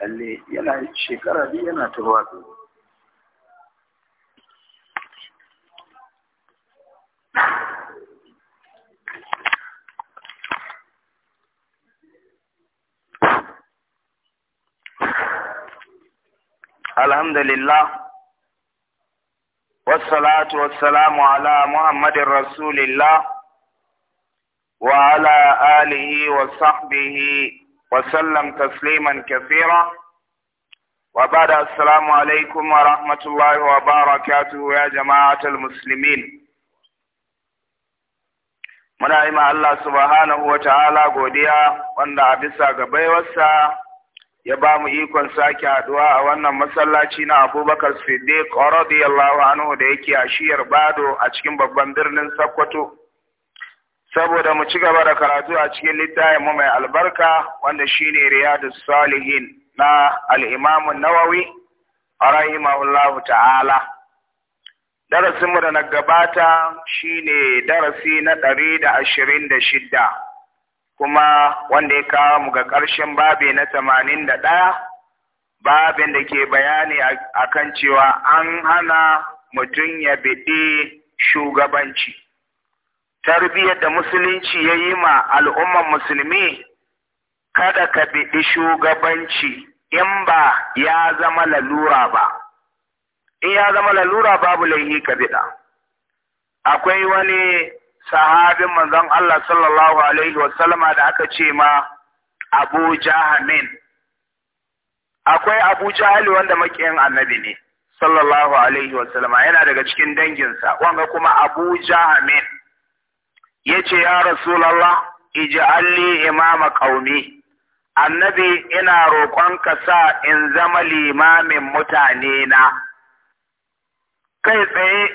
lalle yana shekara biyu yana turwa Alhamdulillah, wassalatu wassalamu ala Muhammadin Rasulillah, wa ala alihi wa وسلم تسليما كثيرا وبعد السلام عليكم ورحمة الله وبركاته يا جماعة المسلمين muna yi ma Allah subhanahu wa godiya wanda a bisa ga baiwarsa ya ba mu ikon sake haɗuwa a wannan masallaci na abubakar siddiq radiyallahu anhu da yake a shiyar bado a cikin babban birnin sakkwato saboda mu ci gaba da karatu a cikin littafin mu mai albarka wanda shine Riyadus Salihin na al-Imam Nawawi rahimahullahu ta'ala darasin mu da na gabata shine darasi na 126 kuma wanda ya kawo mu ga ƙarshen babi na 81 babin da ke bayani akan cewa an hana mutum ya biɗi shugabanci tarbiyyar da musulunci ya yi ma al'umman musulmi kada ka biɗi shugabanci in ba ya zama lalura ba in ya zama lalura babu laihi ka biɗa akwai wani sahabin manzon Allah sallallahu alaihi wasallama da aka ce ma Abu Jahamin akwai Abu Jahali wanda makiyin annabi ne sallallahu alaihi wasallama yana daga cikin danginsa wanga kuma Abu Jahamin Ya ce ya Iji alli, imama kaumi annabi ina roƙonka sa in zama limamin mutane na kai tsaye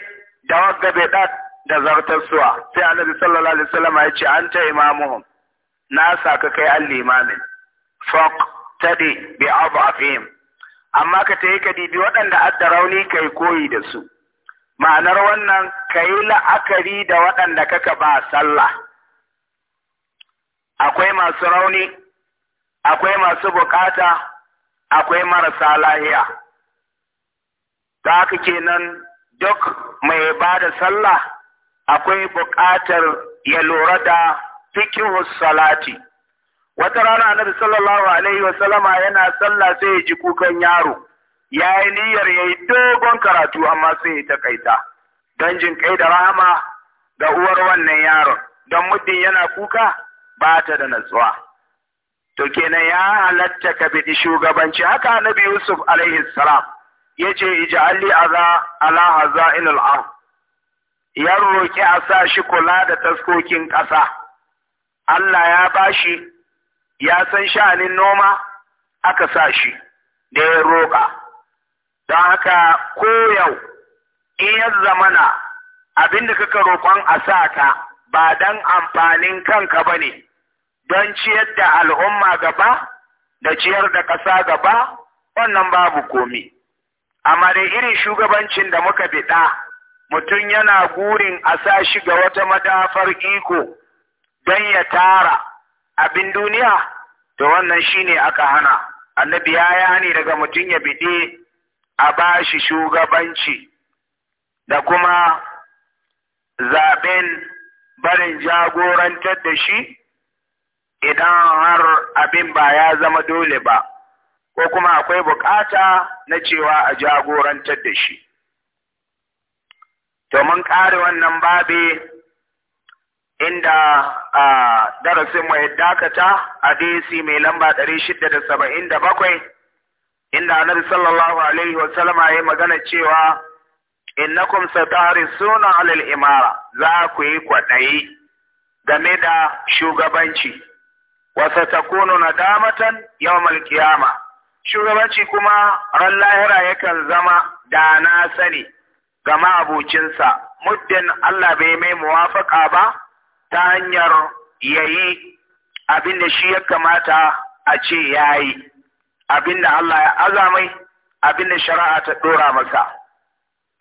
da wagga bedat da zartarsuwa sai annabi sallallahu alaihi wasallam ya ce an ta imamuhum na ka kai an limamin faq tadi bi abafihim amma ka tayi ka dibi waɗanda adda rauni kai koyi da su ma'anar wannan ka yi la'akari da waɗanda kaka ba sallah akwai masu rauni akwai masu bukata akwai marasa lahiya ta haka kenan duk mai ba da sallah akwai buƙatar ya lura da fikihus salati wata rana annabi sallallahu alaihi wasallama yana sallah sai ya ji kukan yaro ya yi niyyar ya yi dogon karatu amma sun yi takaita don jin kai da rahama ga uwar wannan yaron don muddin yana kuka ba ta da natsuwa to kenan ya halatta ka bi shugabanci haka annabi yusuf alaihi salam ya ce ija'alli aza ala hazainul ard ya roki a sa shi kula da taskokin ƙasa Allah ya bashi ya san sha'anin noma aka sa shi da ya roƙa don haka ko yau in ya zamana abinda kaka roƙon a sa ka ba don amfanin kanka ba ne don ciyar da al'umma gaba da ciyar da ƙasa gaba wannan babu komi amma dai irin shugabancin da muka biɗa mutum yana gurin a sa shi ga wata madafar iko don ya tara abin duniya to wannan shine aka hana annabi ya yani daga mutum ya biɗe a ba shi shugabanci da kuma zaɓen barin jagorantar da shi idan har abin ba ya zama dole ba, ko kuma akwai bukata na cewa a jagorantar da shi. To mun ƙare wannan babi inda a darasin mai dakata a DC mai lamba 677 inda annabi sallallahu alaihi wa sallama ya magana cewa innakum satarisuna alal imara za ku yi kwaɗayi game da shugabanci wa satakunu nadamatan yawmal qiyama shugabanci kuma ran lahira yakan zama da na sani ga ma'abucinsa muddin Allah bai mai muwafaka ba ta hanyar yayi abin da shi ya kamata a ce yayi abinda Allah ya azamai abinda shari'a ta dora masa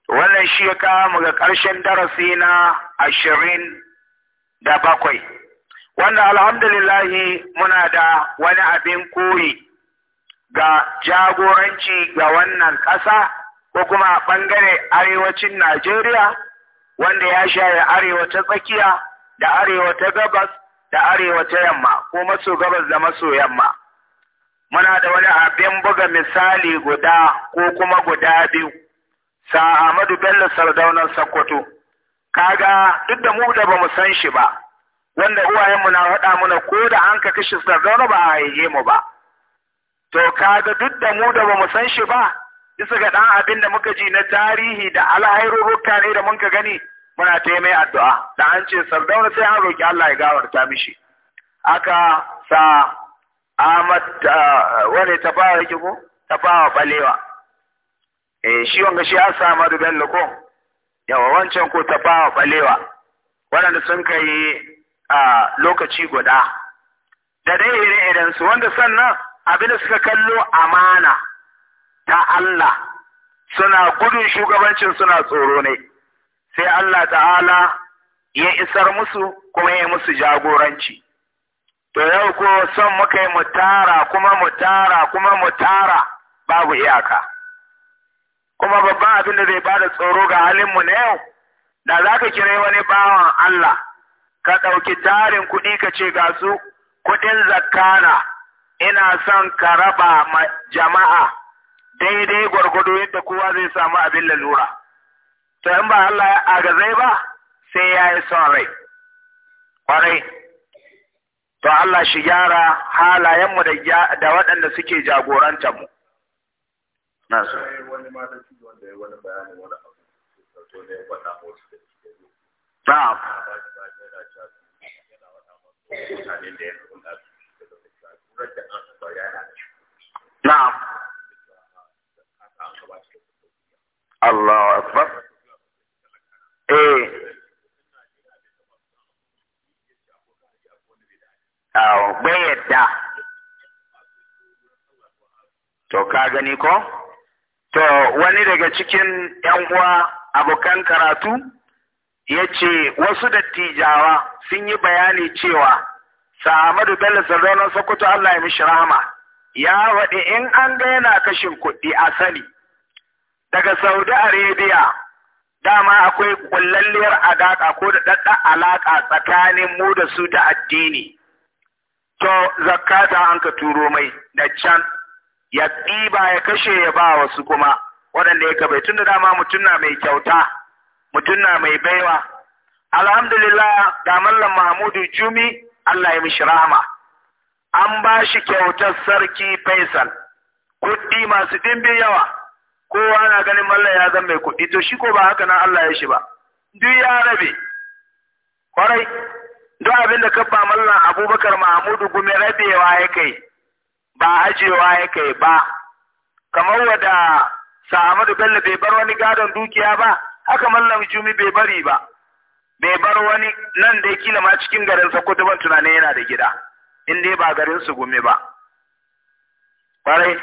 wannan shi ya kawo mu ga ƙarshen darasi na ashirin da bakwai wanda alhamdulillahi muna da wani abin koyi ga jagoranci ga wannan ƙasa ko kuma a ɓangare arewacin Najeriya wanda ya share arewa ta tsakiya da arewa ta gabas da arewa ta yamma ko maso gabas da maso yamma muna da wani abin buga misali guda ko kuma guda biyu sa Ahmadu Bello sardauna Sokoto kaga duk da mu da bamu san shi ba wanda uwayenmu na faɗa mana ko da an ka kashe Sardauna ba a haihe mu ba to kaga duk da mu da bamu san shi ba isa ga ɗan abin da muka ji na tarihi da alhairurruka ne da muka gani muna ta addu'a da an ce Sardauna sai an roki Allah ya gawarta mishi aka sa Ahmad wani fara yake ko? fara balewa. Eh shi wanga shi an samu da bello ko? Yawa wancan ko fara balewa. Waɗanda sun kai a lokaci guda. Da dai ire idan su wanda sannan abin da suka kallo amana ta Allah suna gudun shugabancin suna tsoro ne. Sai Allah ta'ala ya isar musu kuma ya musu jagoranci. to yau ko son muka yi mu tara kuma mu tara kuma mu tara babu iyaka kuma babban abin da zai bada tsoro ga halinmu na yau da za ka kira wani bawan Allah ka ɗauki tarin kuɗi ka ce ga su kuɗin zakana ina son ka raba ma jama'a daidai gwargwado yadda kowa zai samu abin lalura to in ba Allah ya agazai ba sai ya yi son rai ƙwarai to Allah shi gyara halayenmu da da waɗanda suke jagoranta mu Na'am. Allah akbar. Eh. bai yadda to ka gani ko to wani daga cikin yan uwa abokan karatu ya ce wasu dattijawa sun yi bayani cewa Sa'amadu Bello Sardaunan Sokoto Allah ya mishi rahama ya faɗi in an ga yana kashin kuɗi a sani daga Saudi Arabia dama akwai ƙullalliyar adaka ko da ɗaɗɗa alaƙa tsakanin mu da su da addini to zakka ta an ka turo mai da can ya ɗiba ya kashe ya ba wasu kuma waɗanda ya kabai tun da dama mutum na mai kyauta mutum na mai baiwa alhamdulillah da mallam mahmudu jumi allah ya mishi rahama an ba shi kyautar sarki faisal kuɗi masu ɗimbi yawa kowa na ganin mallam ya zama mai kuɗi to shi ko ba haka nan allah ya shi ba duk ya rabe kwarai duk abin da kabba mallan abubakar mahmudu gumi rabewa ya kai ba ajewa ya kai ba kamar wada sa'amadu bello bai bar wani gadon dukiya ba haka mallan jumi bai bari ba bai bar wani nan da ya kila ma cikin garin sokoto ban tunanin yana da gida in dai ba garin su gumi ba kwarai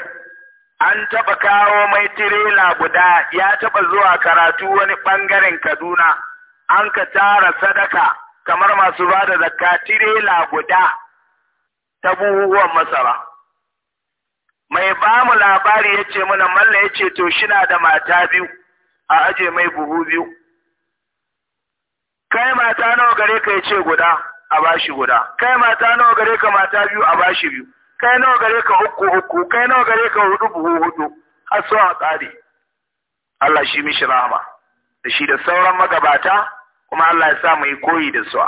an taɓa kawo mai tirela guda ya taɓa zuwa karatu wani ɓangaren kaduna an ka tara sadaka kamar masu ba da zakka tirela guda ta buhuhuwan masara mai ba mu labari ya ce mana malla ya ce to shina da mata biyu a aje mai buhu biyu kai mata nawa gare ka ya ce guda a bashi guda kai mata nawa gare ka mata biyu a bashi biyu kai nawa gare ka uku uku kai nawa gare ka hudu buhu hudu har a tsari Allah shi mishi rahama da shi da sauran magabata kuma Allah ya sa mu yi koyi da su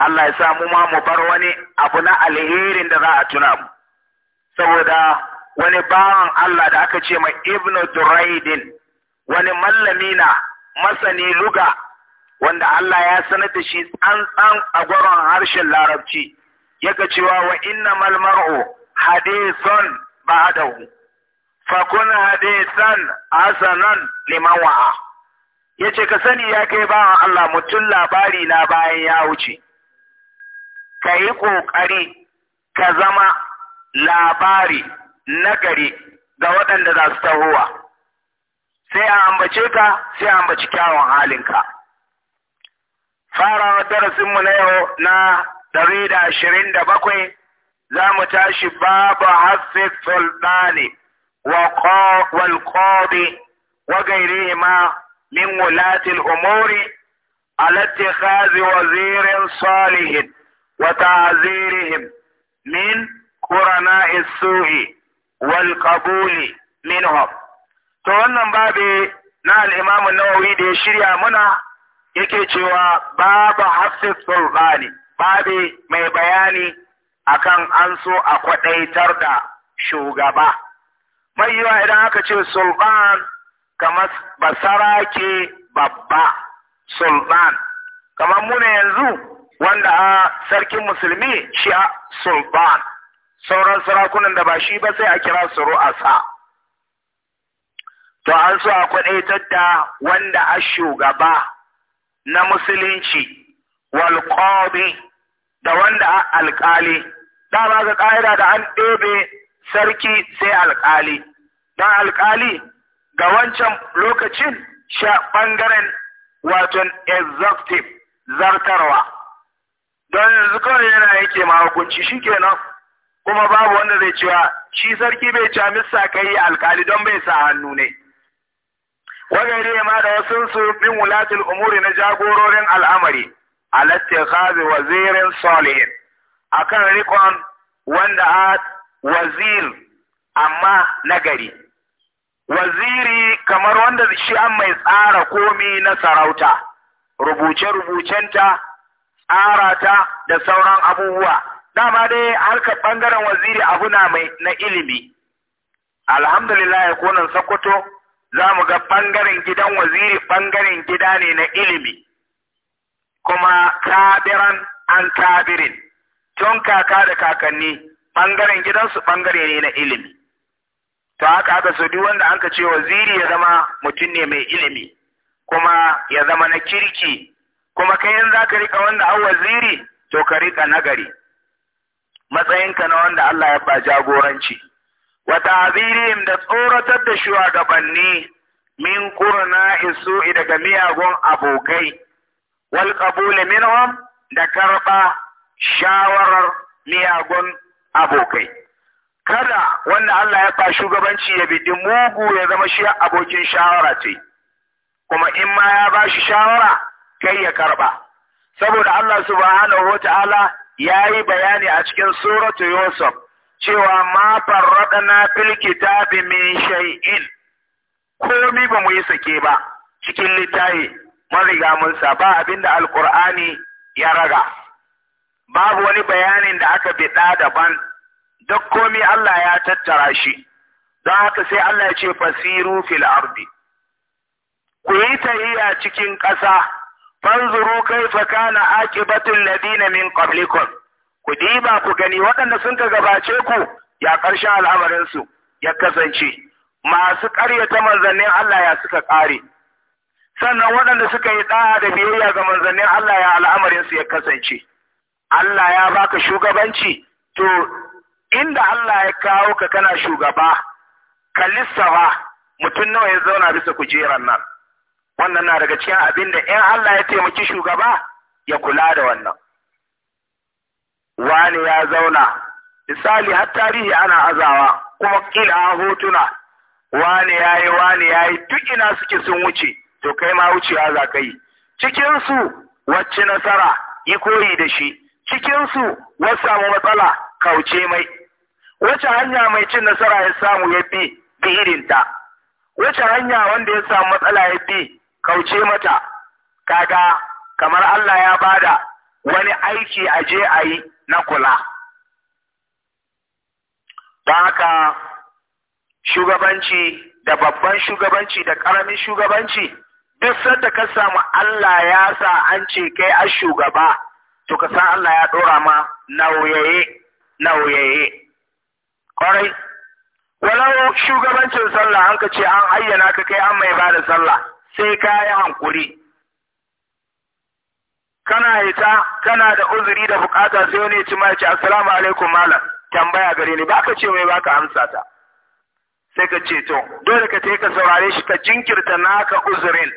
Allah ya sa mu ma mu bar wani abu na alherin da za a tuna mu saboda wani bawan Allah da aka ce mai ibnu duraidin wani mallami na masani luga wanda Allah ya sanar da shi tsantsan a gwaron harshen larabci yaka cewa wa inna mal mar'u hadithun ba'dahu fa kun hadithan hasanan liman ya ce ka sani ya kai bawan Allah mutum labari na bayan ya wuce ka yi ƙoƙari ka zama labari nagari ga waɗanda za su tahowa sai a ambace ka sai a ambaci kyawun halinka farawa darasinmu na yau na ɗari da ashirin da bakwai za mu tashi babu hafi sultani wa qadi wa ma. min wulatil umuri ala ittikhazi wazirin salihin wa ta'zirihim min qurana su'i wal qabuli minhum to wannan babe na al-Imam da ya shirya muna yake cewa babu hafiz sulbani babe mai bayani akan an so a kwadaitar da shugaba mai yiwa idan aka ce sulban kamar ke babba sultan kamar muna yanzu wanda a sarkin musulmi shi a sultan sauran sarakunan da ba shi ba sai a kira su ru'asa to an so a kwadaitar da wanda a shugaba na musulunci walƙobi da wanda a da dama ga ƙa'ida da an ɗebe sarki sai alƙali. don alƙali? ga wancan lokacin sha ɓangaren waton "exhaustive" zartarwa don yanzu kawai yana yake ma hukunci shi kenan kuma babu wanda zai cewa shi sarki bai ci misa kai alkali don bai sa hannu ne wagari ma da wasu su bin wulatul umuri na jagororin al'amari alatta khazi wazirin solihin akan rikon wanda a wazir amma nagari waziri kamar wanda shi an mai tsara komi na sarauta rubuce-rubucenta tsarata da sauran abubuwa dama dai harka bangaren waziri abu na mai na ilimi alhamdulillah ya konan sokoto za mu ga ɓangaren gidan waziri ɓangaren gida ne na ilimi kuma kabiran an kabirin tun kaka da kakanni bangaren gidansu bangare ne na ilimi ta haka aka so duk wanda an ka ce waziri ya zama mutum ne mai ilimi kuma ya zama na kirki kuma kai in za ka rika wanda an waziri to ka rika nagari matsayin ka na wanda Allah ya ba jagoranci wa ta'zirihim da tsoratar da shuwagabanni min qurna isu'i daga miyagun abokai wal qabul minhum da karba shawarar miyagun abokai kada wanda Allah ya ba shugabanci ya bidi mugu ya zama shi abokin shawara ce kuma in ma ya ba shi shawara kai ya karba saboda Allah subhanahu wata'ala ya yi bayani a cikin suratu Yusuf cewa ma farradana fil kitabi min shay'in komai ba mu yi sake ba cikin littafi mun riga mun saba ba abinda alqur'ani ya raga babu wani bayanin da aka bida daban duk komi Allah ya tattara shi don haka sai Allah ya ce fasiru fil ardi ku yi tahiya cikin ƙasa fanzuru kai kana na ladina min qablikum ku diba ku gani waɗanda sun ka gabace ku ya ƙarshen al'amarin su ya kasance masu ƙaryata manzannin Allah ya suka ƙare sannan waɗanda suka yi ɗaya da biyayya ga manzannin Allah ya al'amarin ya kasance Allah ya baka shugabanci to inda Allah ya kawo ka kana shugaba ka lissafa mutum nawa ya zauna bisa kujerar nan wannan na daga cikin abin da in Allah ya taimaki shugaba ya kula da wannan wani ya zauna misali har tarihi ana azawa kuma kila a hotuna wani ya yi wani ya yi duk ina suke sun wuce to kai ma wucewa za ka yi cikinsu wacce nasara yi koyi da shi cikinsu wasu samu matsala kauce mai wace hanya mai cin nasara ya samu ya bi bi irinta wace hanya wanda ya samu matsala ya bi kauce mata kaga kamar Allah ya bada wani aiki a je a yi na kula don haka shugabanci da babban shugabanci da ƙaramin shugabanci duk sanda ka samu Allah ya sa an ce kai a shugaba to ka san Allah ya ɗora ma nauyaye nauyaye Kwarai, walau shugabancin sallah an ka ce an ayyana ka kai an mai bada sallah sai ka yi hankuri. Kana ita kana da uzuri da bukata sai wani ya ci mai ce, Assalamu alaikum malam, tambaya gare ni, ba ka ce mai baka amsa ta. sai ka ce to dole ka ka saurare shi ka jinkirta naka uzurin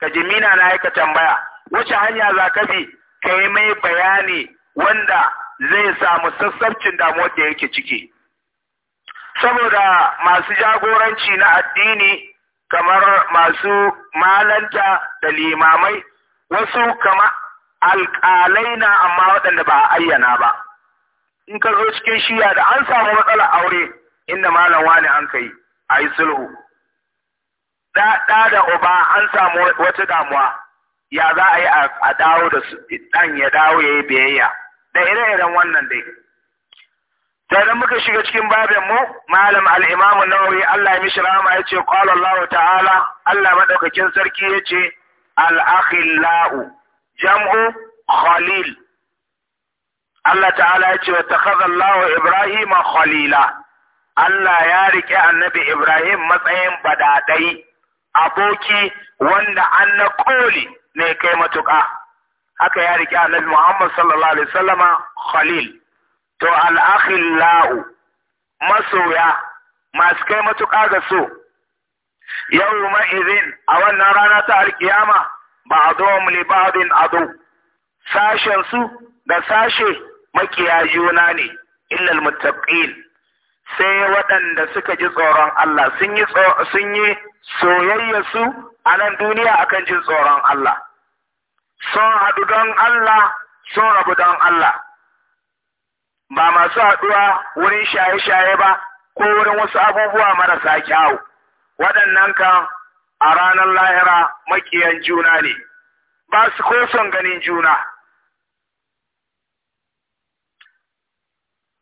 ka ji mina na ka tambaya wace hanya za ka bi ka yi mai bayani wanda zai samu sassabcin damuwar da yake ciki saboda masu jagoranci na addini kamar masu malanta da limamai wasu kama alƙalai na amma waɗanda ba a ayyana ba in ka zo cikin shiya da an samu matsalar aure inda malam wani an kai a yi sulhu ɗa da uba an samu wata damuwa ya za a yi a dawo da su ɗan ya dawo ya yi biyayya da ire-iren wannan dai tare muka shiga cikin babin mu malam al-imam an-nawawi Allah ya mishi rahama yace qala Allah ta'ala Allah madaukakin sarki yace al-akhillau jam'u khalil Allah ta'ala yace wa takhadha Allah Ibrahima khalila Allah ya rike annabi Ibrahim matsayin badadai aboki wanda an na koli ne kai matuƙa haka ya rike annabi Muhammad sallallahu alaihi wasallama khalil to al'akhillau masoya masu kai matuƙa ga so yau ma'izin a wannan rana ta alkiyama ba a zuwa li ado sashen su da sashe makiya juna ne illal mutaƙil, sai waɗanda suka ji tsoron Allah sun yi sun soyayya su a nan duniya akan jin tsoron Allah sun haɗu don Allah sun rabu don Allah ba masu haɗuwa wurin shaye-shaye ba ko wurin wasu abubuwa marasa kyawu waɗannan kan a ranar lahira makiyan juna ne ba su ko son ganin juna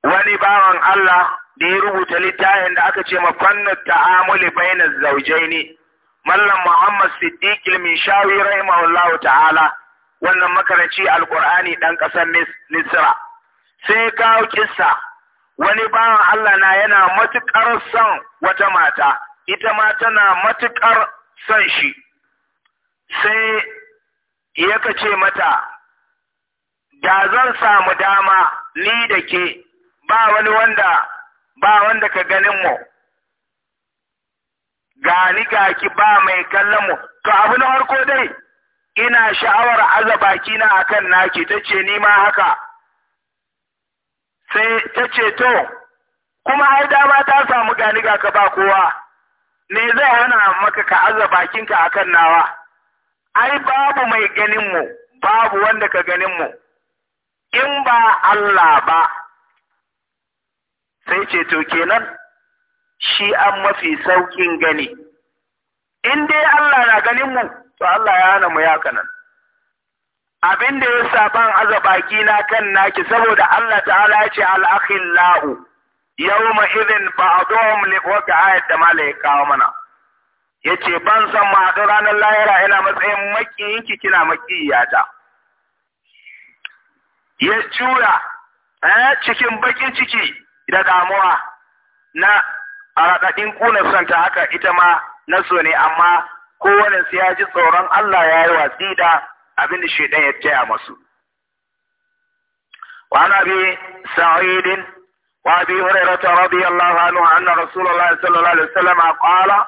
wani bawan Allah da ya rubuta littafin da aka ce mafanna ta'amuli bainar zaujai ne mallam Muhammad Siddiq Al-Minshawi rahimahullahu ta'ala wannan makaranci alkur'ani dan ƙasar Misra sai ya kawo kissa wani bawan Allah na yana matukar son wata mata ita ma tana matuƙar son shi sai ya kace mata da zan samu dama ni da ke ba wani wanda ba wanda ka ganin mu gani gaki ba mai kallon mu to abu na farko dai ina sha'awar aza bakina akan naki tace ni ma haka sai ta ce to kuma har dama ta samu gani ga ka ba kowa ne zai hana maka ka aza bakinka akan nawa ai babu mai ganinmu babu wanda ka ganinmu. mu in ba Allah ba sai ce to kenan shi an mafi saukin gani in dai Allah na ganinmu, to Allah ya hana mu ya kanan abin da ya sa ban aza baki na kan naki saboda Allah ta'ala ya ce al ba yawma idhin ba'dhum li ayat da malaika kawo mana yace ban san ma da ranar lahira ina matsayin makiyinki kina makiyata ya jura eh cikin bakin ciki da damuwa na aradadin ƙunar santa haka ita ma naso ne amma kowane sai ya ji tsoron Allah ya yi watsi da abin da shaidan ya taya masu. Wa ana bi sa'idin wa bi hurairata radiyallahu anhu anna rasulullahi sallallahu alaihi wasallam qala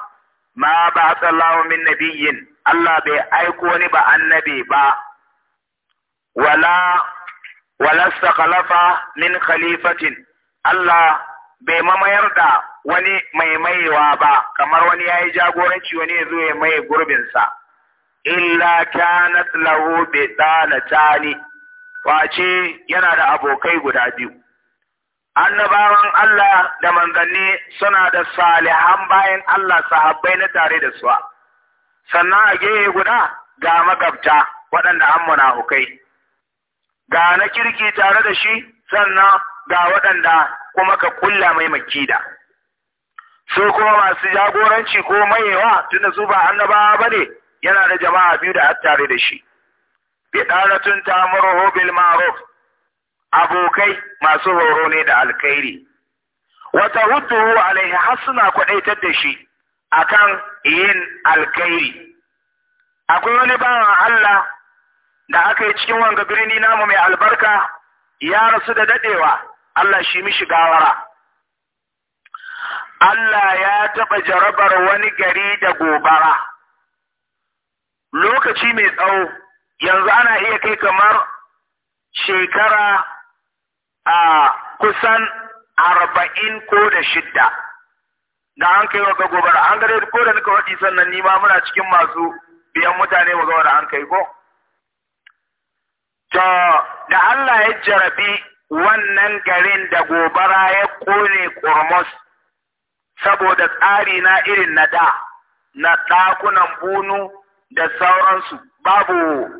ma ba'athallahu min nabiyyin Allah bai aiko ni ba annabi ba wala wala istakhlafa min khalifatin Allah bai mamayar da wani maimaiwa ba kamar wani ya yi jagoranci wani ya zo ya maye gurbin illa kanat lahu bi dalatani wace yana da abokai guda biyu annabawan Allah da manzanni suna da salihan bayan Allah sahabbai na tare da su sannan a gehe guda ga magabta waɗanda an munafukai ga na kirki tare da shi sannan ga waɗanda kuma ka kulla mai makida su kuma masu jagoranci ko mayewa tunda su ba annabawa bane yana da jama'a biyu da attare da shi bidaratun tamuruhu bil ma'ruf abokai masu horo ne da alkhairi wata hudduhu alaihi hasna ku daitar da shi akan yin alkhairi akwai wani bawan Allah da aka yi cikin wanga birni namu mai albarka ya rasu da dadewa Allah shi mishi gawara Allah ya taɓa jarabar wani gari da gobara lokaci mai tsawo yanzu ana iya kai kamar shekara a kusan arba'in ko da shidda da an kai wa gobe da an gare ko da nika waɗi sannan nima muna cikin masu biyan mutane mu ga da an kai ko to da Allah ya jarabi wannan garin da gobara ya kone kurmus saboda tsari na irin na da na ɗakunan bunu da sauransu babu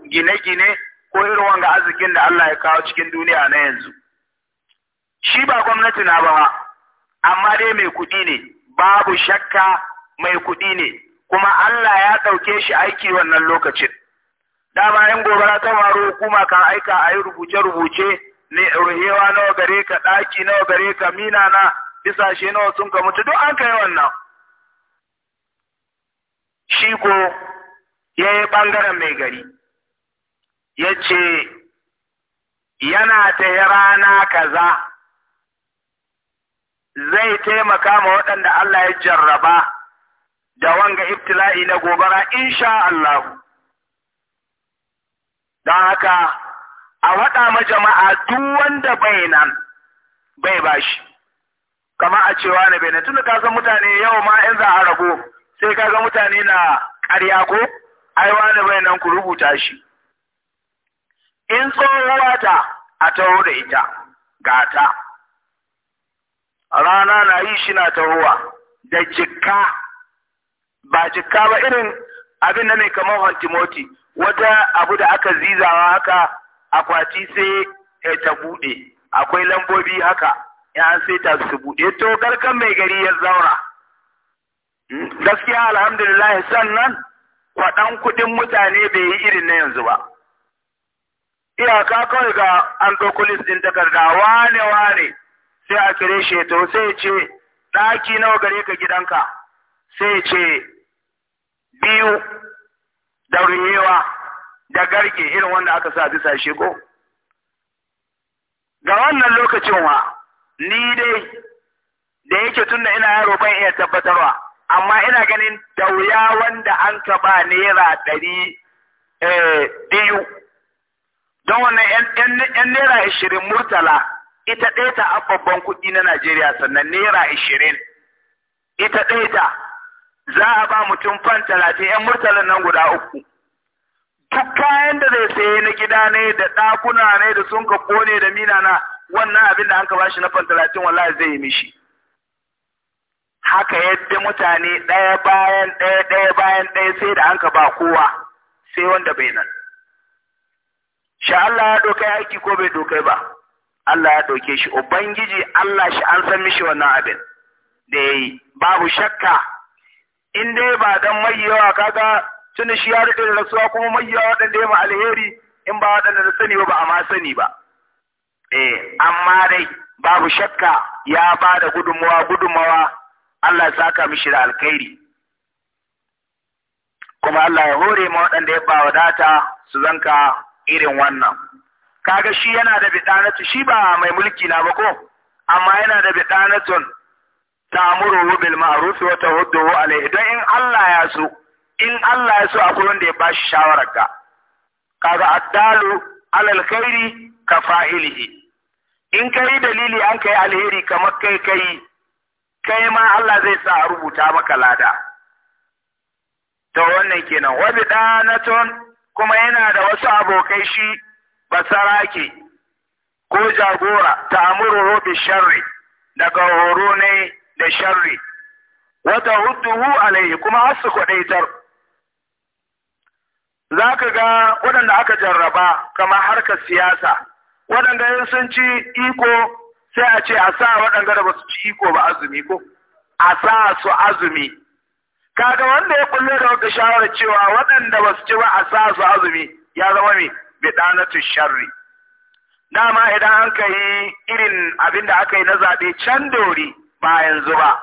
gine-gine ko irin wanga arzikin da Allah ya kawo cikin duniya na yanzu shi ba gwamnati na ba amma dai mai kuɗi ne babu shakka mai kuɗi ne kuma Allah ya ɗauke shi aiki wannan lokacin dama yin gobara ta faru hukuma kan aika a yi rubuce-rubuce ne ruhewa nawa gare ka ɗaki nawa gare ka mina na shi nawa sun ka mutu duk an kai wannan shi ko ya yi ɓangaren mai gari ya ce yana ta rana kaza zai taimaka ma waɗanda Allah ya jarraba da wanga ibtila'i na gobara insha Allah don haka a waɗa ma jama'a duk wanda bai nan bai bashi kama a cewa na bai na tunda ka san mutane yau ma yanzu za a rago sai ka ga mutane na ƙarya ko ai wani bai nan ku rubuta shi in tsohuwa ta a taho da ita gata rana na yi shi na tahowa da jikka ba jikka ba irin abin da mai kamar hantimoti wata abu da aka zizawa haka akwati sai ta bude akwai lambobi haka ya an sai ta su buɗe to garkan mai gari ya zauna hmm, gaskiya alhamdulillah sannan kwaɗan kuɗin mutane bai yi irin na yanzu ba. Iyaka kawai ga an ɗauko takarda wane wane sai a kire shi to sai ce ɗaki nawa gare ka gidanka sai ce biyu da ruhewa da garke irin wanda aka sa bisa shi ko. Ga wannan lokacin wa ni dai da yake tunda ina yaro ban iya tabbatarwa. amma ina ganin da wuya wanda an taɓa naira ɗari eh, biyu don wannan yan naira ashirin murtala ita ɗaya ta babban kuɗi na najeriya sannan naira ashirin ita ɗaya ta za a ba mutum fan talatin yan murtala nan guda uku duk kayan da zai saye na gida ne da ɗakuna ne da sun ka ne da mina na wannan abin da an ka bashi na fan talatin wallahi zai yi mishi haka yadda mutane ɗaya bayan ɗaya ɗaya bayan ɗaya sai da hanka ba kowa sai wanda bai nan sha Allah ya dokai aiki ko bai dokai ba Allah ya doke shi ubangiji Allah shi an san mishi wannan abin da yi, babu shakka in dai ba dan mai yawa kaga tuni shi ya rike da rasuwa kuma mai yawa waɗanda ya ma alheri in ba waɗanda da sani ba ba a ma sani ba eh amma dai babu shakka ya ba da gudunmawa gudunmawa Allah ya saka mishi da alkhairi kuma Allah ya hore ma waɗanda ya ba wadata su zanka irin wannan kaga shi yana da bidanatu shi ba mai mulki na ba ko amma yana da bidanatun ta'muru bil ma'ruf wa tahuddu alayhi dan in Allah ya so in Allah ya so akwai wanda ya bashi shawarar ka kaga addalu alal khairi ka fa'ilihi in kai dalili an kai alheri kamar kai kai kai ma Allah zai sa a rubuta maka lada ta wannan kenan wabi ɗanaton kuma yana da wasu abokai shi basarake ko jagora ta amuru bi sharri daga horo ne da sharri wata huduhu alaihi kuma asu kwadaitar za ka ga waɗanda aka jarraba kamar harkar siyasa waɗanda sun ci iko sai a ce a sa waɗanda da su ci iko ba azumi ko a sa su azumi kaga wanda ya kulle da wata shawara cewa waɗanda ba su ci ba a sa su azumi ya zama mai ɗanatu sharri dama idan an ka yi irin abin da aka yi na zaɓe can dori ba yanzu ba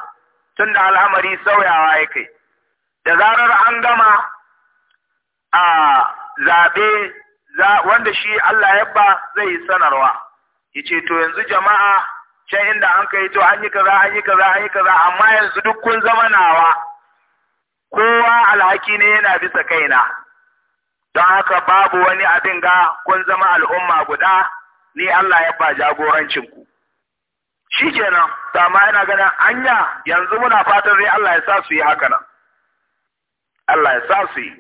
tun da al'amari sauyawa ya kai da zarar an gama a zaɓe wanda shi Allah ya ba zai sanarwa yace to yanzu jama'a can inda an kai to an yi kaza an yi kaza an yi kaza amma yanzu duk kun zama nawa kowa alhaki ne yana bisa kaina don haka babu wani abin ga kun zama al'umma guda ni Allah ya ba jagorancin ku shikenan amma yana ganin anya yanzu muna fatan dai Allah ya sa su yi haka nan Allah ya sa su yi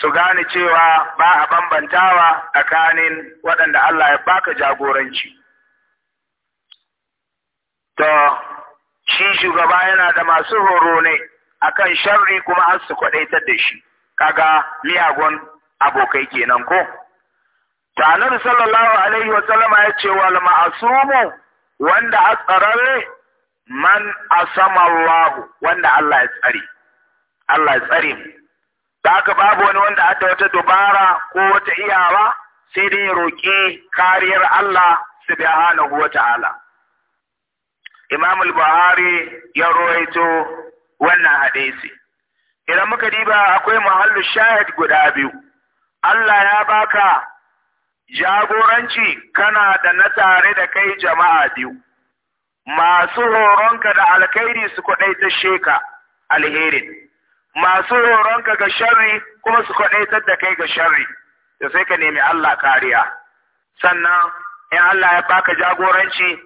su gane cewa ba a bambantawa tsakanin waɗanda Allah ya baka jagoranci. To, shi shugaba yana da masu horo ne akan sharri kuma an su kwaɗaitar da shi, kaga miyagun abokai kenan ko? Ta sallallahu Alaihi wasallama ya ce wal ma'asumu wanda a tsararre man asama wanda Allah ya tsare, Allah ya tsare mu. da haka babu wani wanda hada wata dubara ko wata iyawa sai dai ya roƙi kariyar Allah subhanahu wa ta'ala Imam al-Buhari ya rawaito wannan hadisi idan muka diba akwai muhallin shahid guda biyu Allah ya baka jagoranci kana da na tare da kai jama'a biyu masu horonka da alkhairi su kudaita sheka alherin masu ka ga sharri kuma su kwaɗaitar da kai ga sharri da sai ka nemi Allah kariya sannan in Allah ya baka jagoranci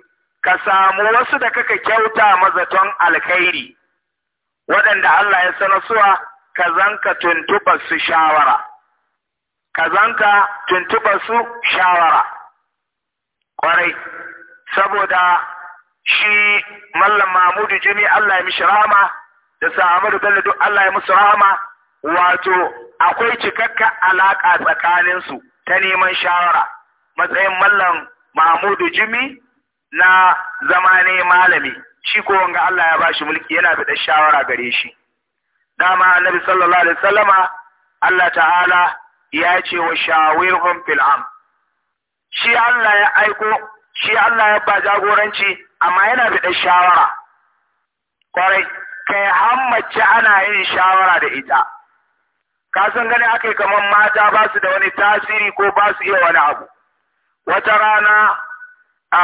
ka samu wasu da kaka kyauta mazaton alkhairi waɗanda Allah ya sana suwa ka zanka tuntubar su shawara ka zanka tuntubar su shawara ƙwarai saboda shi mallam Mahmudu Jimi Allah ya mishi rama da sa da Bello duk Allah ya musu rahama wato akwai cikakka alaka tsakanin su ta neman shawara matsayin mallam Mahmudu Jimi na zama ne malami shi ko wanga Allah ya bashi mulki yana da shawara gare shi dama Annabi sallallahu alaihi wasallama Allah ta'ala ya ce wa shawirhum fil am shi Allah ya aiko shi Allah ya ba jagoranci amma yana da shawara kwarai kai hammace ana yin shawara da ita ka san gani ake kamar mata ba su da wani tasiri ko ba su iya wani abu wata rana a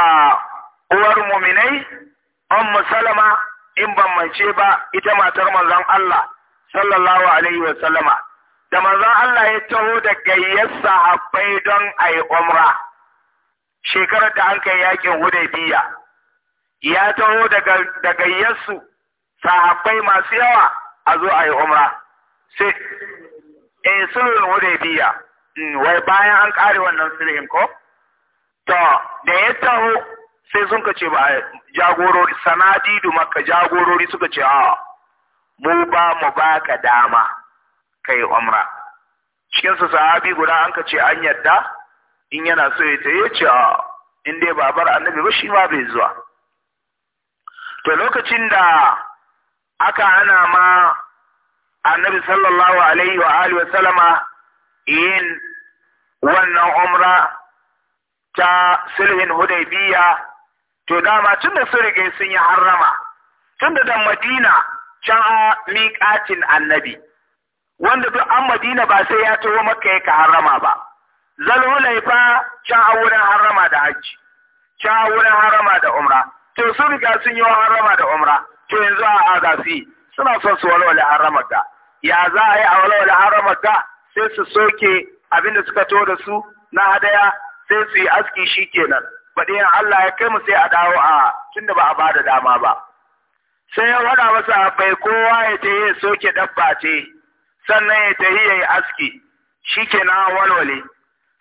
uwar muminai an musalama in ban mance ba ita matar manzon Allah sallallahu alaihi wa da manzon Allah ya taho da gayyarsa habbai don a yi umra shekarar da an kai yakin hudaybiya ya taho daga gayyarsu sahabbai masu yawa a zo a yi umra sai eh sulhul hudaybiya hmm, wai bayan an kare wannan sulhin ko to da ya taho sai sun ce ba jagorori sanadidu maka jagorori suka ce a mu ba mu baka dama kai umra cikin su sahabi guda an ka an yadda in yana so ya taye ce a in dai babar annabi ba shi ma bai zuwa to lokacin da aka ana ma annabi sallallahu alaihi wa alihi wa sallama yin wannan umra ta sulhin hudaybiya to dama tun da sun rige sun yi harrama tun da dan madina can a annabi wanda duk an madina ba sai ya taho makka ya ka harrama ba fa can a wurin harrama da hajji can a wurin harrama da umra to sun riga sun yi harrama da umra to yanzu a ga su yi suna son su walwale haramar da ya za a yi a walwale haramar da sai su soke abin suka to da su na hadaya sai su yi aski shi kenan baɗi Allah ya kai mu sai a dawo a tun da ba a ba da dama ba sai ya wada masa bai kowa ya ta yi soke dabba ce sannan ya ta yi ya yi aski shi kenan walwale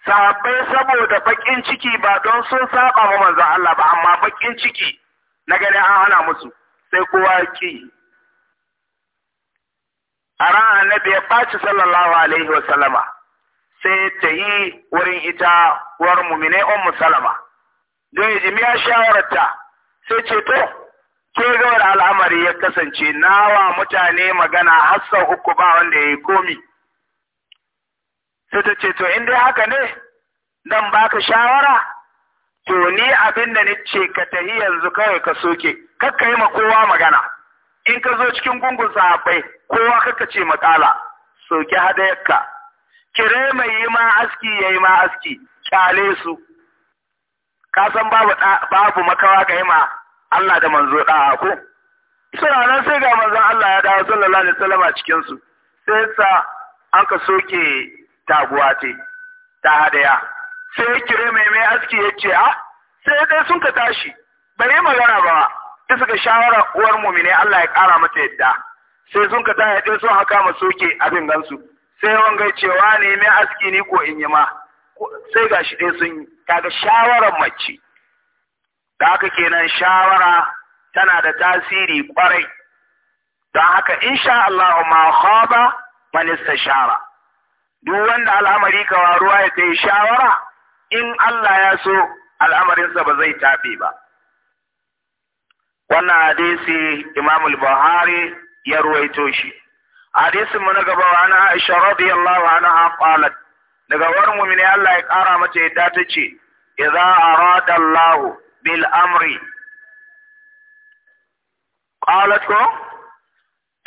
sahabbai saboda bakin ciki ba don sun saba wa manzon Allah ba amma bakin ciki na ganin an hana musu sai kowa ki a ran annabi ya ɓaci sallallahu alaihi wa sallama sai ta yi wurin ita war mumine ummu salama don ya shawararta sai ce to ke gawar al'amari ya kasance nawa mutane magana hassa uku ba wanda ya yi komi sai ta ce to in dai haka ne dan baka shawara to ni abin da ni ce ka tahi yanzu kawai ka soke kakka yi ma kowa magana in ka zo cikin gungun sahabbai kowa kakka ce makala sauke hadayarka kire mai yi ma aski ya yi ma aski kyale su ka san babu babu makawa ga yi ma Allah da manzo da ko suna nan sai ga manzon Allah ya dawo sallallahu alaihi wasallam cikin su sai sa an ka soke taguwa ce ta hadaya sai kire mai mai aski ya ce a ah! sai dai sun ka tashi bai yi magana ba bisa ga shawara uwar mumine Allah ya kara mata yadda sai sun ka taya sun haka ma soke abin gansu sai wanga cewa ne mai aski ni ko in yi ma sai gashi dai sun yi kaga shawarar mace da haka kenan shawara tana da tasiri kwarai don haka insha Allah ma khaba man istashara duk wanda al'amari ka waruwa ya kai shawara in Allah ya so al'amarinsa ba zai tabe ba wannan hadisi Imam al buhari ya ruwaito shi Hadisi mu na gaba wa ana Aisha radiyallahu anha qalat daga wurin mu'mini Allah ya kara mace yadda ta ce idza arada Allah bil amri qalat ko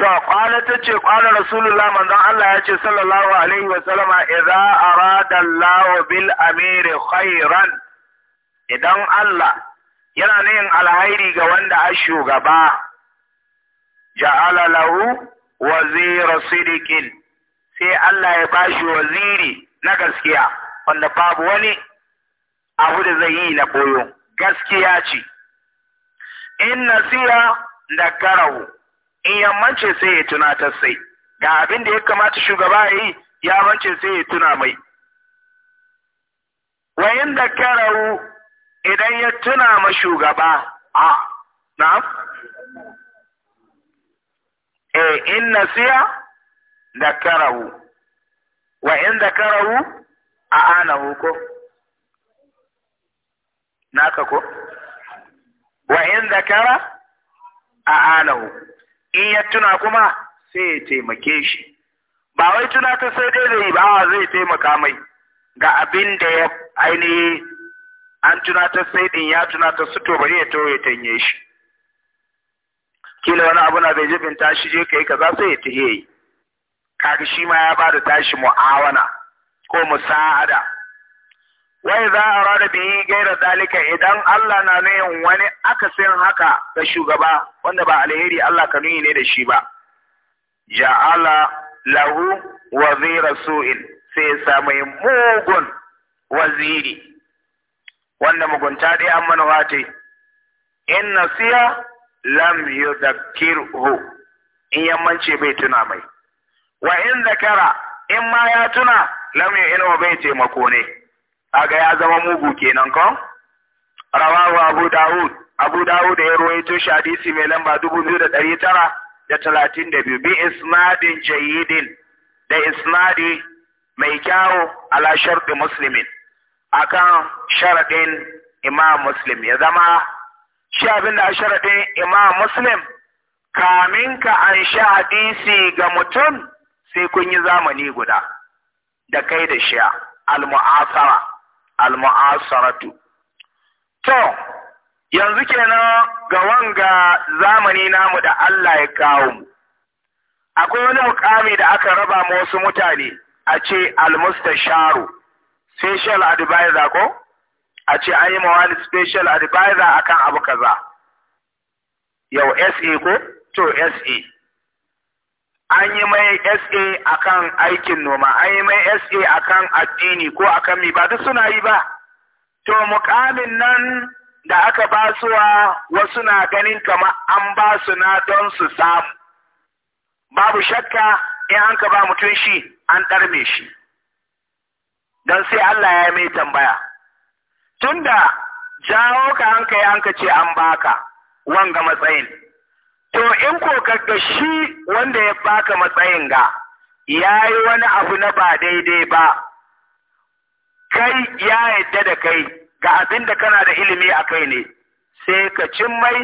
to qalat ta ce qala rasulullah manzon Allah ya ce sallallahu alaihi wa sallama idza arada Allah bil amiri khairan idan Allah yana yin alhairi ga wanda a shugaba ja'ala lahu wazir sidikin sai Allah ya bashi waziri na gaskiya wanda babu wani abu da zai yi na koyo gaskiya ce in nasira da karahu in yammance sai ya tuna ta sai ga abin da ya kamata shugaba ya yi ya mance sai ya tuna mai wayan da karahu idan ya tuna ma shugaba a na e eh, in nasiya da karahu wa in da karahu a anahu ko naka ko wa in da kara a anahu in ya tuna kuma sai ya taimake shi ba wai tuna ta sai dai da yi ba zai taimaka mai ga abin da ya ainihi an tunatar sai din ya tunatar su to bari ya tawo ya tanye shi kila wani abu na bai jibin tashi je kai kaza sai ya tihe yi kaga shi ma ya da tashi mu'awana ko musa'ada wai za a rada bihi gaira dalika idan Allah na nuyin wani akasin haka ga shugaba wanda ba alheri Allah ka nuni ne da shi ba ja'ala lahu wazira su'in sai ya samu mugun waziri wanda mugunta dai an mana ce in nasiya lam yudhakkirhu in yammance bai tuna mai wa in zakara in ma ya tuna lam ina bai taimako ne aga ya zama mugu kenan ko rawahu abu daud abu daud ya rawaito shi hadisi mai lamba 2932 bi isnadin jayyidin da isnadi mai kyawo ala sharti muslimin akan sharaɗin imam muslim ya zama shi abin da sharaɗin imam muslim kamin ka an sha hadisi ga mutum sai kun yi zamani guda da kai da shiya al-mu'asara al-mu'asaratu to yanzu kenan ga wanga zamani namu da Allah ya kawo mu akwai wani mukami da aka raba mu wasu mutane a ce al-mustasharu special advisor ko a ce an yi wani special advisor akan abu kaza yau SA ko to SA an yi mai SA akan aikin noma an yi mai SA akan addini ko akan mi ba duk suna yi ba to mukamin nan da aka ba suwa wasu na ganin kama an ba su na don su samu babu shakka in an ka ba mutum shi an ɗarme shi don sai Allah ya mai tambaya tunda jawo ka an hankali an ce an baka wanga matsayin to in ko kaga shi wanda ya baka matsayin ga ya yi wani abu na ba daidai ba kai ya yadda da kai ga abin da kana da ilimi a kai ne sai ka cin mai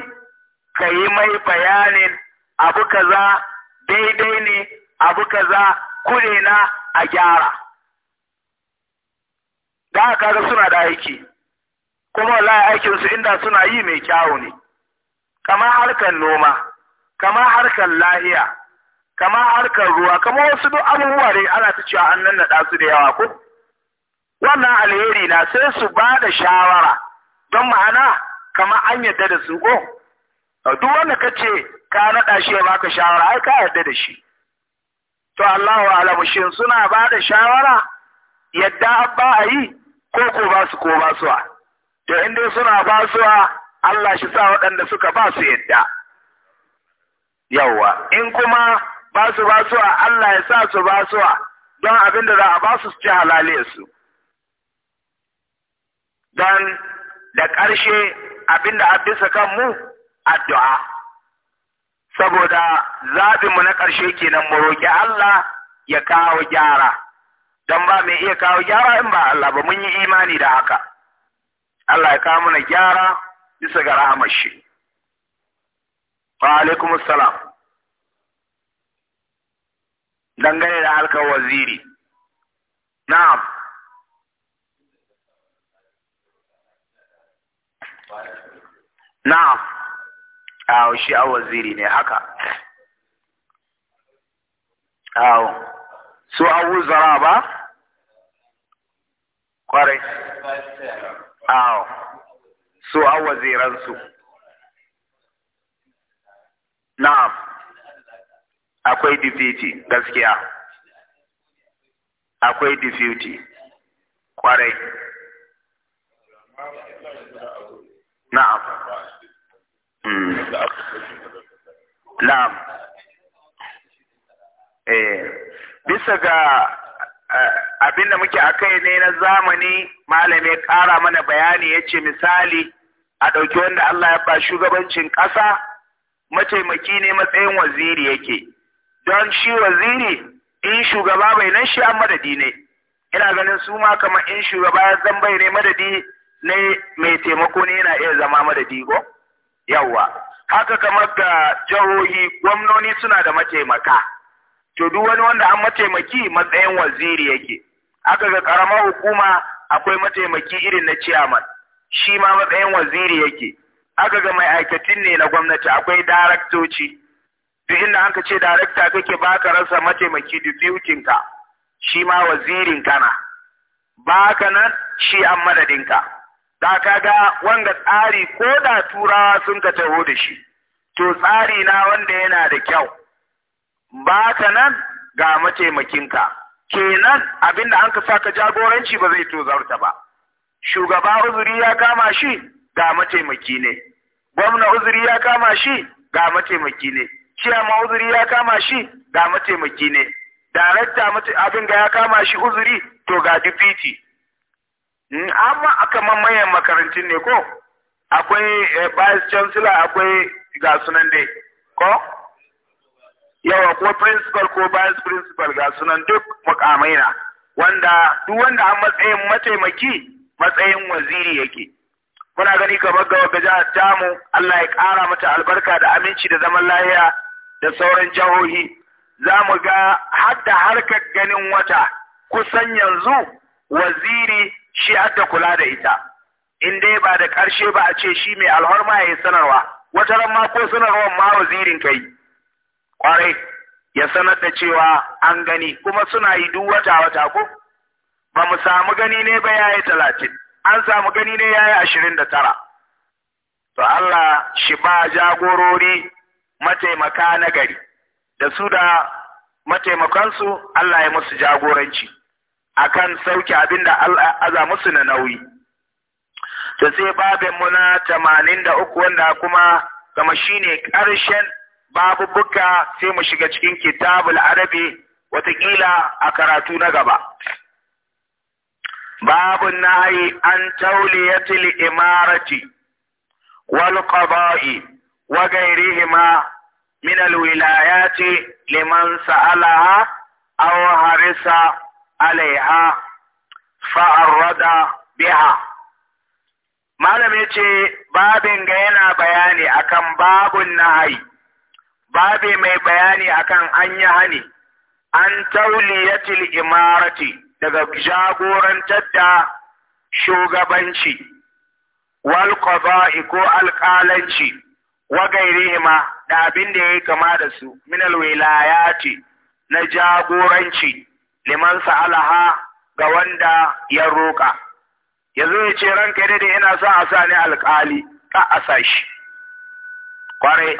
ka yi mai bayanin abu kaza daidai ne abu kaza kure na a gyara da aka ga suna da aiki kuma wallahi aikin su inda suna yi mai kyawu ne kama harkar noma kama harkar lahiya kama harkar ruwa kama wasu duk abubuwa ne ana ta cewa an nan da su da yawa ko wannan alheri na sai su ba da shawara don ma'ana kama an yadda da su ko duk wanda ka ce ka naɗa shi ya baka shawara ai ka yadda da shi to Allahu alamu shin suna ba da shawara yadda ba a yi ko ko ba su ko ba su to in dai suna ba su Allah shi sa waɗanda suka ba su yadda yawa in kuma ba su ba su Allah ya sa su ba su don abin da za a ba su ci halale su don da ƙarshe abin da a bisa kan mu addu'a saboda mu na ƙarshe kenan mu roƙi Allah ya kawo gyara don ba mai iya kawo gyara in ba Allah ba mun yi imani da haka Allah ya kawo mana gyara bisa ga rahamar shi wa alaikum salam dangane da halkar waziri na'am na'am a shi a waziri ne haka awo su abu zara ba kwarai awo su awa ziransu na'am akwai deputy gaskiya akwai deputy kwarai na'am hmm. na'am eh bisa ga eh, abin da muke akai ne na zamani malami ya ƙara mana bayani ya ce misali a ɗauki wanda Allah ya ba shugabancin ƙasa mataimaki ne matsayin waziri yake don shi waziri in shugaba bai nan shi an madadi ne ina ganin su ma kamar in shugaba ya zan bai ne madadi ne mai taimako ne yana iya zama madadi ko yawwa haka kamar ga jihohi gwamnoni suna da mataimaka to duk wani wanda an mataimaki matsayin waziri yake aka ga karamar hukuma akwai mataimaki irin na ciyaman shi ma matsayin waziri yake aka ga mai aikatin ne na gwamnati akwai daraktoci duk inda an ka ce darakta kake baka rasa mataimaki dubutin ka shi ma wazirin kana baka nan shi an ka. da ka ga wanga tsari ko da turawa sun ka taho da shi to tsari na wanda yana da kyau ba ka nan ga mataimakinka kenan da an ka saka jagoranci ba zai tozarta ba shugaba uzuri ya kama shi ga mataimaki ne gwamna uzuri ya kama shi ga mataimaki ne ciyama uzuri ya kama shi ga mataimaki ne darakta abin ga ya kama shi uzuri to ga dipiti mm, amma a kamar manyan makarantun ne ko akwai eh, vice chancellor akwai ga sunan dai ko yawa ko principal ko vice principal ga sunan duk mukamai na wanda duk wanda an matsayin mataimaki matsayin waziri yake muna gani kamar ga wata jihar tamu Allah ya kara mata albarka da aminci da zaman lahiya da sauran jihohi za mu ga hadda harkar ganin wata kusan yanzu waziri shi hadda kula da ita in dai ba da ƙarshe ba a ce shi mai alhorma ya sanarwa wata ran ma ko sanarwar ma wazirin kai kwarai ya sanar da cewa an gani kuma suna yi duk wata wata ko ba mu samu gani ne ba yayi talatin an samu gani ne yayi ashirin da tara to Allah shi ba jagorori mataimaka na gari da su da mataimakansu Allah ya musu jagoranci akan sauke abin da Allah aza musu na nauyi to sai babin mu na 83 wanda kuma kama shine ƙarshen babu buka sai mu shiga cikin kitabul arabi watakila a karatu na gaba babu nahi an tauliyatil imarati wal qada'i wa ghayrihima min al wilayati liman sa'alaha aw harisa alaiha arada biha malam yace babin ga yana bayani akan babun nahi babe mai bayani akan an hani an tauliyatil imarati daga jagorantar da shugabanci wal qada'i ko alƙalanci wa gairihima da abin da ya kama da su min alwilayati na jagoranci liman sa'alaha ga wanda ya roƙa yanzu ya ce ranka da ina sa a sa ni alƙali ka a sa kwarai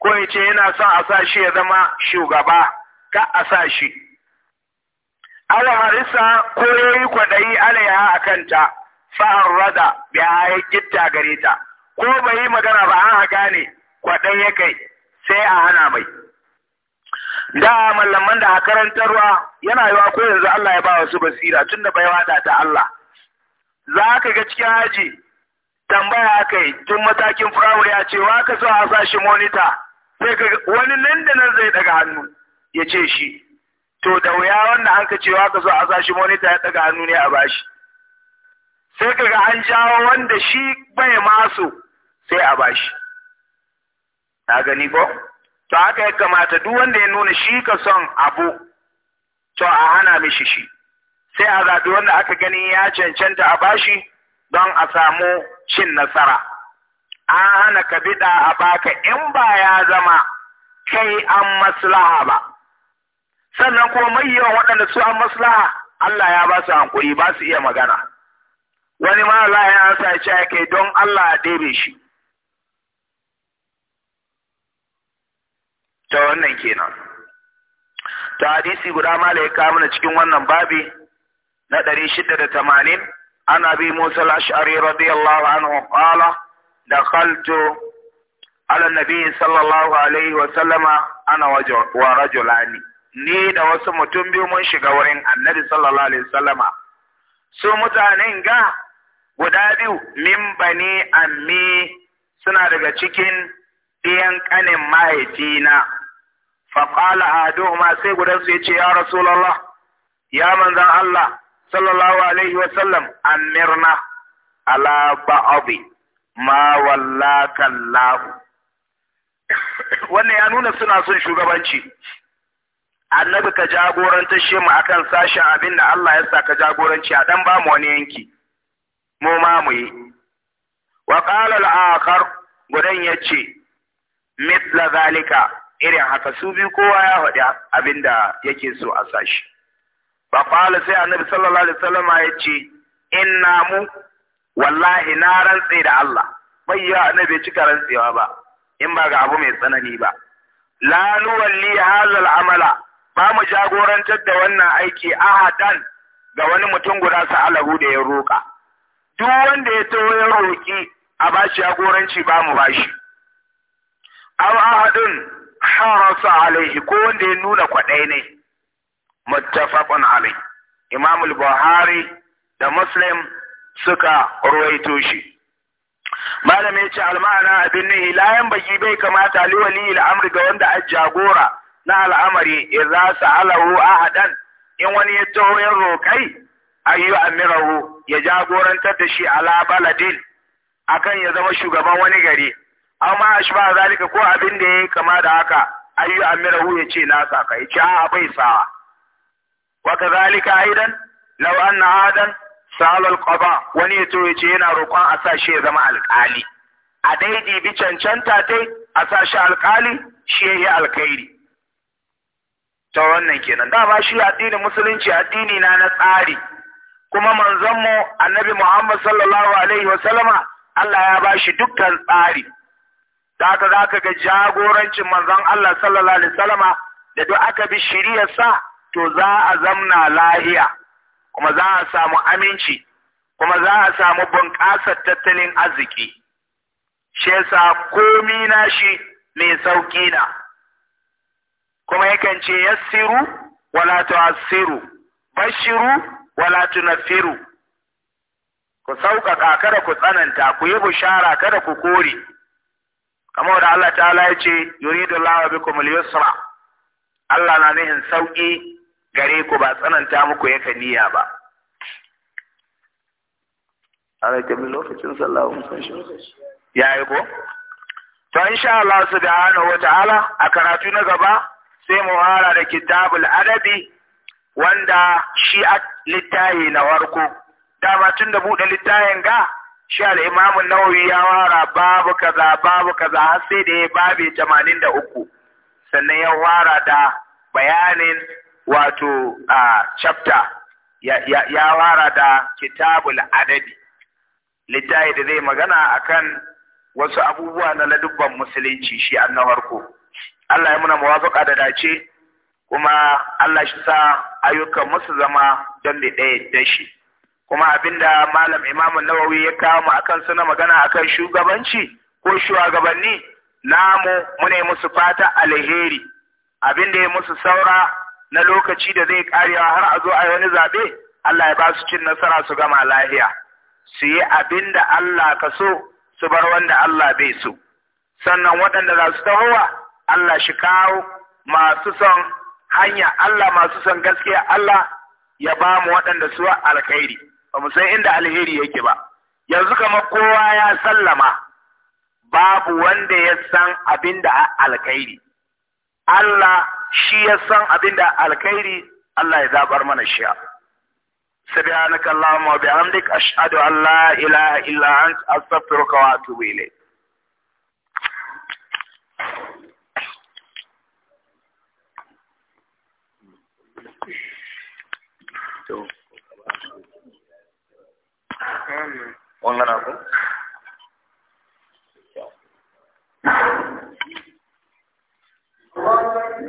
ko ya ce yana son a sa shi ya zama shugaba ka a sa shi ala harisa ko ya yi kwaɗayi alaiha a kanta fa'an rada biya ya gitta gare ta ko bai yi magana ba an gane kwaɗayi ya kai sai a hana mai da mallaman da a karantarwa yana yawa ko yanzu Allah ya ba wasu basira tunda da bai wada ta Allah za ka ga cikin haji tambaya kai tun matakin firamare a cewa ka so a sa shi monita sai wani nan da nan zai daga hannu ya ce shi to da wuya wanda an ka cewa ka zo a sashi monita ya daga hannu ne a bashi sai kaga an jawo wanda shi bai masu, sai a bashi ta gani ko to haka ya kamata duk wanda ya nuna shi ka son abu to a hana mishi shi sai a zaɓi wanda aka gani ya cancanta a bashi don a samu cin nasara an hana ka biɗa a baka in ba ya zama kai an maslaha ba sannan kuma mai yawan waɗanda su an maslaha Allah ya ba su hankuri ba su iya magana wani ma Allah ya ansa shi kai don Allah ya ɗebe shi ta wannan kenan ta hadisi guda da ya kawo mana cikin wannan babi na ɗari shida da tamanin ana bi Musa al-Ash'ari radiyallahu anhu qala dakhaltu ala nabi sallallahu alaihi wa sallama ana wa rajulani ni da wasu mutum biyu mun shiga wurin annabi sallallahu alaihi wa su mutanen ga guda biyu min bani ammi suna daga cikin ɗiyan ƙanin mahaifina faƙala ma sai gudansu ya ce ya rasulallah ya manzan Allah sallallahu alaihi wasallam amirna ala ba'abi ma wallakallahu wannan ya nuna suna son shugabanci annabi ka jagorantar shi mu akan sashen abin da Allah ya saka jagoranci a dan bamu wani yanki mu ma mu yi wa qala al-akhar gudan yace mithla zalika irin haka su bi kowa ya faɗi abinda da yake so a sashi fa sai annabi sallallahu alaihi wasallam ya ce inna mu wallahi na rantse da Allah bai yi bai cika rantsewa ba in ba ga abu mai tsanani ba la nuwalli hazal amala ba mu jagorantar da wannan aiki ahadan ga wani mutum guda alahu da ya roka duk wanda ya tawo ya roki a ba shi jagoranci ba mu bashi aw ahadun harasa alaihi ko wanda ya nuna kwadai ne muttafaqun alaihi imam buhari da muslim suka ruwaito shi malam ya ce almana abin ne. layan baki bai kamata liwali al'amri ga wanda a jagora na al'amari ya za su a haɗan in wani ya taho ya roƙai ayyu amirahu ya jagorantar da shi ala baladin akan ya zama shugaban wani gari amma ba zalika ko abin da ya kama da haka ayyu amirahu ya ce na saka ya ce a bai sawa wa kadhalika aidan lau'an na adan salal qaba wani yato ce yana roƙon a sa shi ya zama alƙali a daidai bi cancanta dai a sa shi alƙali shi ya yi alkhairi ta wannan kenan da ba shi addinin musulunci addini na na tsari kuma manzon annabi Muhammad sallallahu alaihi wasallama Allah ya ba shi dukkan tsari ta haka za ka ga jagorancin manzon Allah sallallahu alaihi wasallama da duk aka bi shiriyarsa to za a zamna lahiya kuma za a samu aminci kuma za a samu bunƙasar tattalin arziki shi yasa komi na shi mai sauƙi na kuma yakan ce yassiru wala tu'assiru bashiru wala tunaffiru ku sauƙaƙa kada ku tsananta ku yi bushara kada ku kore kamar da Allah ta'ala ya ce yuridu Allah bikum al-yusra Allah na nihin sauƙi gare ku ba tsananta muku yaka niyya ba ana kamin lokacin sallah mun san shi ya yi ko to insha Allah subhanahu wataala a karatu na gaba sai mu fara da kitabul adabi wanda shi a littahi na warko dama tun da buɗe littahin ga shi al-imamu nawawi ya wara babu kaza babu kaza har sai da ya babe 83 sannan ya wara da bayanin wato a chapter ya wara da kitabul adadi littafi da zai magana akan wasu abubuwa na ladubban musulunci shi an Allah ya muna muwafaka da dace kuma Allah shi sa ayyukan musu zama don da ɗaya da shi kuma abinda malam imamun nawawi ya kawo mu akan suna magana akan shugabanci ko shugabanni namu mune musu fata alheri abinda ya musu saura na lokaci da zai karewa har a zo a wani zaɓe Allah ya ba su cin nasara su gama lahiya su yi abin da Allah ka so su bar wanda Allah bai so sannan waɗanda za su tahowa Allah shi kawo masu son hanya Allah masu son gaskiya Allah ya ba mu waɗanda suwa alkhairi ba mu san inda alheri yake ba yanzu kamar kowa ya sallama babu wanda ya san abin da alkhairi Allah shi ya san abin da alkhairi Allah ya zabar mana shi سبحانك اللهم وبحمدك أشهد أن لا إله إلا أنت أستغفرك وأتوب إليك Thank you. Brother